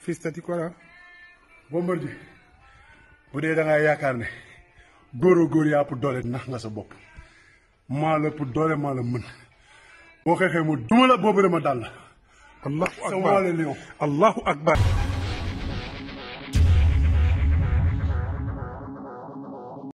fils tati kora Bombardier bu dee da yaakaar ne góoroo góor yaa ëpp doole nax nga sa bopp maa la ëpp doole maa la mën boo xeexee mu duma la boobu dama dal la allahu ak allahu